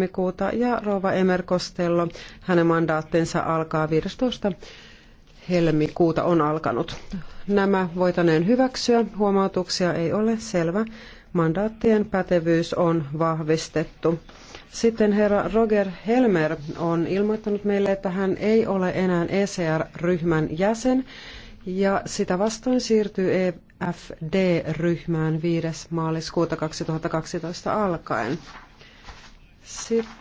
helmikuuta ja Rova Emer Costello, hänen mandaattinsa alkaa 15 helmikuuta on alkanut. Nämä voitaneen hyväksyä, huomautuksia ei ole, selvä. Mandaattien pätevyys on vahvistettu. Sitten herra Roger Helmer on ilmoittanut meille, että hän ei ole enää ECR-ryhmän jäsen ja sitä vastoin siirtyy EFD-ryhmään 5. maaliskuuta 2012 alkaen. Sitten